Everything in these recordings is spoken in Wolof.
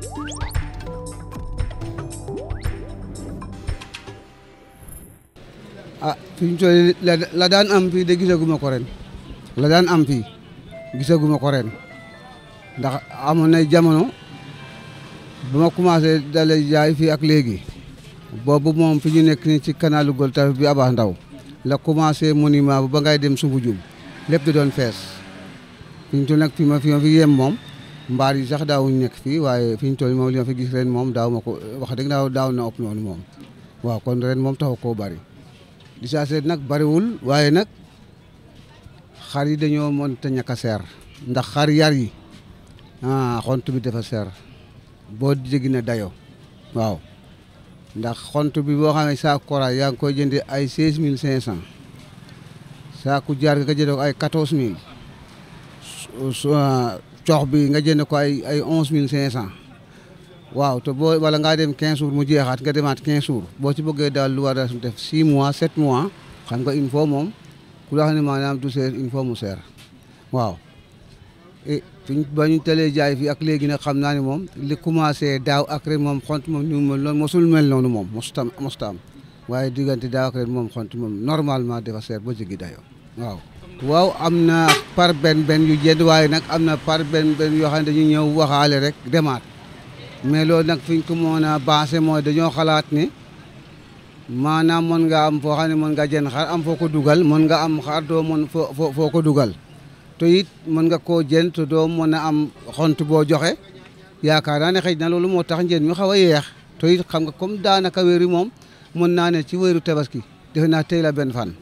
a ah, fi ñu toll la daan am fii de gisaguma ko ren la daan am fii gisaguma ko ren ndax amoon na jamono bu ma commencé dale jaay fii ak léegi boobu moom fi ñu nekk ni ci kanalu Gueule Tapée bi Aba Ndaw la commencé monument ba ngay dem Soumbédioune lépp da doon fees fi ñu toll nag fi ma fi ma fi yem moom mbaar yi sax daawuñ nekk fi waaye fi ñu toll moom li ma fi gis ren moom daaw ma ko wax dëgg daaw daaw na ëpp noonu moom waaw kon ren moom taxu koo bari di saase nag bariwul waaye nag xar yi dañoo mënta ñàkk a seer ndax xar yar yi ah, xont bi dafa seer boo jéggi na dayoo waaw ndax xont bi boo xam ne saako koraay yaa ngi koy jëndee ay seize mille cinq cent saako jaar nga ko jëndee ay quatorze mille. Ah, coox bi nga jënd ko ay ay onze mille cinq cent waaw te boo wala ngaa dem quinze jours mu jeexaat nga demaat quinze jours boo ci bëggee daal lu war a def six mois sept mois xam nga une fois moom ku la ne maanaam du seer une fois mu seer waaw et ba ñu telee jaay fii ak léegi nag xam naa ne moom li commencé daaw ak ren moom xont moom ñu mel noonu mosul mel noonu moom mosutam mosutam waaye diggante daaw ak ren moom xont moom normalement dafa seer ba jéggi dayo waaw waaw am na par benn benn yu jënd waaye nag am na par benn benn yoo xam ne dañu ñëw waxaale rek demaat mais loolu nag fiñ ko moon a baase mooy dañoo xalaat ne maanaam mën nga am foo xam ne mën nga jënd xar am foo ko dugal mën nga am xar doo mën foo foo ko dugal te it mën nga koo jënd doo mën a am xont boo joxe yaakaar naa ne xëy na loolu moo tax njeen mi xaw a yeex te xam nga comme daanaka wéeru moom mën naa ne ci weeru tabaski defe naa tey la benn fan.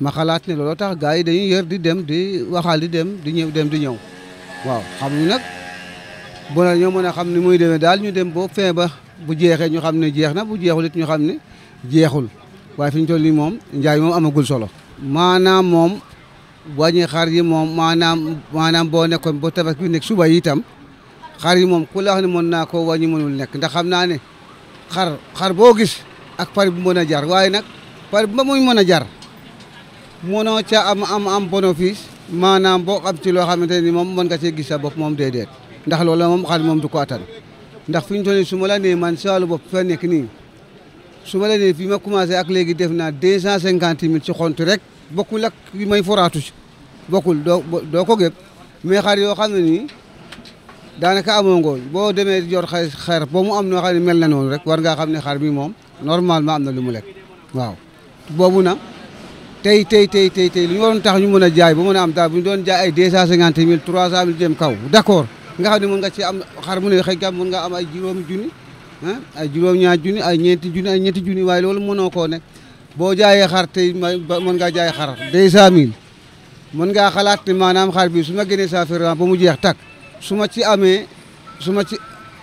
ma xalaat ne looloo tax gars yi dañuy yër di dem di waxaal di dem di ñëw dem di ñëw waaw xam ñu nag bu na ñoo mën a xam ni muy demee daal ñu dem boo fin bu jeexee ñu xam ne jeex na bu jeexul it ñu xam ne jeexul waaye fi ñu toll nii moom njaay moom amagul solo maanaam moom wàññi xar yi moom maanaam maanaam boo nekkoon ba tabak bi nekk suba yi itam xar yi moom ku la wax ne mën naa koo wàññi mënul nekk ndax xam naa ne xar xar boo gis ak pari bu mën a jar waaye nag pari bu ma mën a jar mënoo ca am am am bénéfice maanaam boo am ci loo xamante ni moom mën nga cee gis sa bopp moom déedéet ndax loolu moom xaalis moom du ko attan ndax fi ñu toll suma su ma la nee man si wàllu bopp fa nekk nii su ma la nee fii ma commencé ak léegi def naa des cent cinquante mille ci xont rek bokkul ak yi may foraatu ci bokkul doo doo ko gëpp mais xar yoo xam ne nii daanaka amoo ngoon boo demee jor xay xar ba mu am noo xam mel na noonu rek war ngaa xam ne xar bi moom normalement am na lu mu lekk waaw boobu na tey tey tey tey tey li ñu waroon tax ñu mën a jaay ba mën a am daal bu doon jaay ay deux cent cinquante mille trois cent mille jëm kaw d' accord nga xam ne mën nga ci am xar mu ne xëy na mën nga am ay juróomi junni ay juróom-ñaar junni ay ñeenti junni ay ñeenti junni waaye loolu mënoo koo nekk boo jaayee xar tey mën ngaa jaaye xar deux cent mille mën ngaa xalaat ne maanaam xar bi su ma génnee cent francs ba mu jeex tak su ma ci amee su ma ci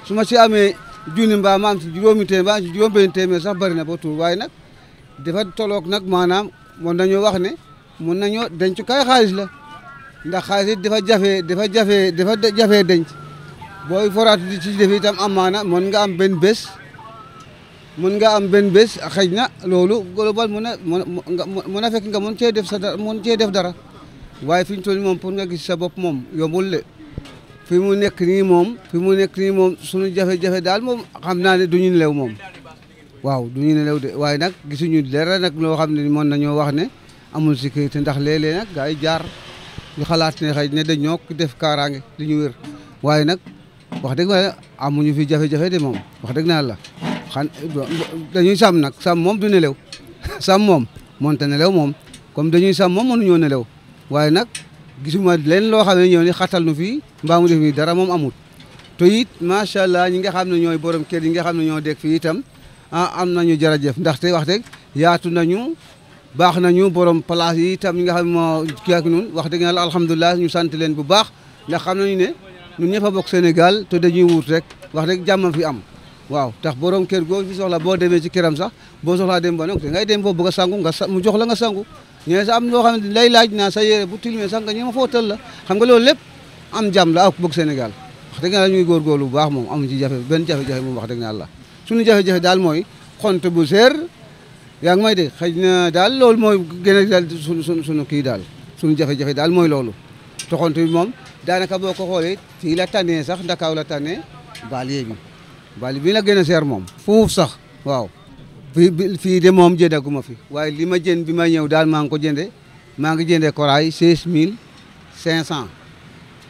su ma ci amee junni mbaa ma am ci juróomi téeméer juróom benn téeméer sax bëri na ba waaye nag dafa tolook nag maanaam mën nañoo wax ne mun denc dencukaay xaalis la ndax xaalis it dafa jafe dafa jafe dafa jafe denc booy foraatu di ci def itam amaana mën nga am benn bés mën nga am benn bés xëj na loolu global mën a mën a fekk nga mën cee def sa dara mën cee def dara waaye fi ñu toll moom pour nga gis sa bopp moom yombul le fi mu nekk nii moom fi mu nekk nii moom sunu jafe-jafe daal moom xam naa ne duñu lew moom waaw du ñu nelaw de waaye nag gisuñu dara nag loo xam ne mën nañoo wax ne amul sécurité ndax léeg-léeg nag gars jaar ñu xalaat ne xëy ne dañoo def kaaraange li ñu wér waaye nag wax dëgg waaye amuñu fi jafe de moom wax dëgg naa la xan nag sàmm moom du nelew sàmm moom moonte nelew moom comme dañuy sàmm moom mënuñoo nelew waaye nag gisuma leen loo xam ne ñoo ni xatal nu fii mbaa mu def fii dara moom amul to it macha allah ñi nga xam ne ñooy borom kër yi nga xam ne ñoo dek fii itam Ah, am nañu jërëjëf ndaxte wax dëgg yaatu ñu baax nañu borom place yi itam ñi nga xam moo kii ak wax dëgg yàlla alhamdulilah ñu sant leen bu baax ndax xam ñu ne ñun ñëpp a bokk Sénégal te dañuy wut rek wax dëgg jàmm fi am waaw tax borom kër goo fi soxla boo demee ci këram sax boo soxlaa dem ba nag ngay dem foofu bëgg a sangu nga mu jox la nga sangu ñene sax am loo xam ne lay laaj na sa yére bu tilmee sax nga ñëw ma footal la xam nga loolu lépp am jàmm la ak bëgg Sénégal wax dëgg yàlla ñuy góorgóorlu bu baax moom ci jafe benn jafe-jafe wax dëgg yàlla suñu jafe-jafe daal mooy xonte bu seer yaa ngi may de xëy na daal loolu mooy gën a daal suñu suñu suñu kii daal suñu jafe-jafe daal mooy loolu te xonte bi moom daanaka boo ko xoolee fii la tànnee sax ndakaaw la tànnee baaliye bi baali bi la gën a seer moom fuuf sax waaw fii fii de moom jëndaguma fi waaye li ma jënd bi ma ñëw daal maa ngi ko jënde maa ngi jënde koraay seize mille cinq cent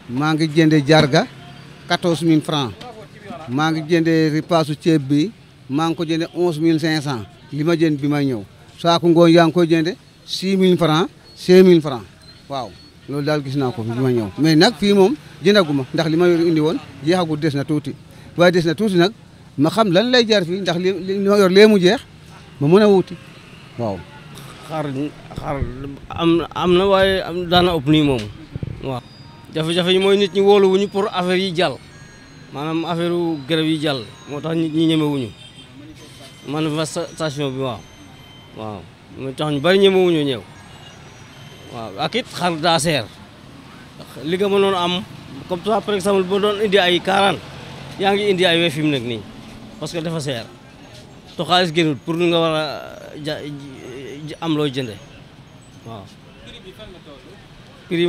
maa ngi jënde jarga quatorze mille francs maa ngi jëndee ripaasu ceeb bi maa ngi ko jëndee onze mille cinq cent li ma jënd bi may ñëw saako ngooñ yaa ngi koy jëndee six mille franc cinq mille franc waaw loolu daal gis naa ko bi ma ñëw mais nag fii moom jëndaguma ndax li ma indi woon jeexagul des na tuuti waaye des na tuuti nag ma xam lan lay jar fii ndax li li ma yor lee mu jeex ma mën a wuuti waaw. xar xar am am na waaye daana ëpp nii moom waaw. jafe-jafe yi mooy nit ñi wóolu wuñu pour affaire yi jàll. maanaam affaire garab yi jàll moo tax nit ñi ñemewuñu manifestation bi waaw moo tax ñu bari ñemewuñu ñëw waaw ak it xar daa seer li nga mënoon am comme ça par exemple boo doon indi ay 40 yaa ngi indi ay we fi mu nekk nii parce que dafa seer to xaalis génnut pour nga war a am loo jënde waaw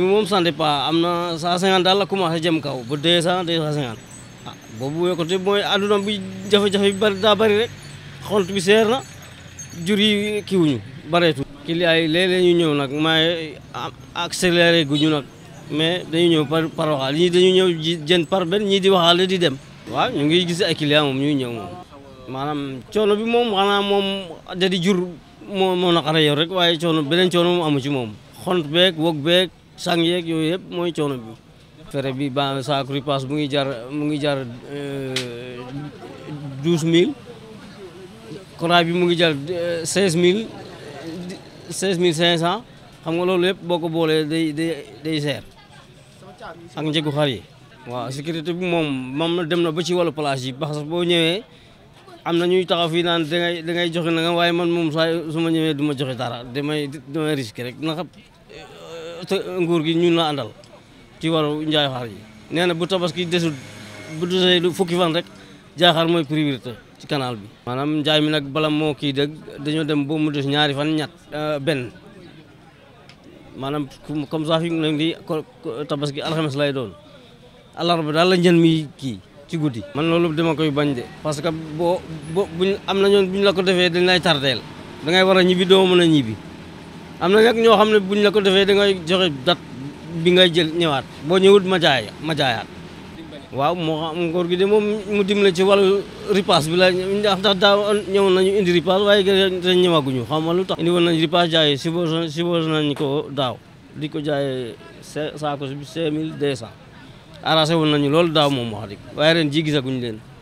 moom ça dépend am na 150 daal la commencé jëm kaw ba 200 250 ah boobu récolte mooy àdduna bi jafe-jafe bi bari daa bari rek xont bi seer na jur yi kiwuñu bareetu clients yi léeg-léeg ñu ñëw nag maay may ah, gu ñu nag mais dañu ñëw par par waxaal ñii dañu ñëw jën par benn ñii di waxaale di dem waaw ñu ngi gis ay clients moom ñuy ñëw moom maanaam coono bi moom xanaa moom da jur moo moo naqara yow rek waaye coono beneen coono moom amu ci moom xont beeg wog beeg sang yeeg yooyu yëpp mooy coono bi fere bi ba saako ripaas mu ngi jar mu ngi jar euh, douze mille courant bi mu ngi jar euh, seize mille seize mil cinq cent xam nga loolu yëpp boo ko boolee day day day seer ak njëgu xar yi waaw sécurité bi moom moom na dem na ba ci wàllu place yi parce que boo ñëwee am na ñuy taxaw fii naan dangay dangay joxe na waaye man moom saa su ma ñëwee du ma joxe dara damay damay risque rek ndax euh, nguur gi ñun la àndal ci waru njaay xaar yi nee na bu tabaski desul bu desee lu fukki fan rek jaay xaar mooy priorité ci canal bi. maanaam njaay mi nag bala moo kii dëgg dañoo dem ba mu des ñaari fan ñatt euh, benn maanaam comme ça fi mu ne nii tabaski alxames lay doon alarba daal la njën mi kii ci guddi. man loolu dama koy bañ de parce que boo boo am na ñoon buñ la ko defee da ngay war a ñibbi doo mën a ñoo buñ la defee da ngay joxe date. bi ngay jël ñëwaat boo ñëwut ma jaay ma jaayaat waaw moo xam ngóor gi de moom mu dimbale ci wàllu ripaas bi la ndax ndax daaw ñëwoon nañu indi ripaas waaye dañ ñëwaguñu xam ma lu tax indi woon nañu ripaas jaay si boo si boo nañ ko daaw di ko jaay saako bi cinq mille deux cent arrangé woon nañu lool daaw moom wax dëgg waaye ren ji gisaguñu leen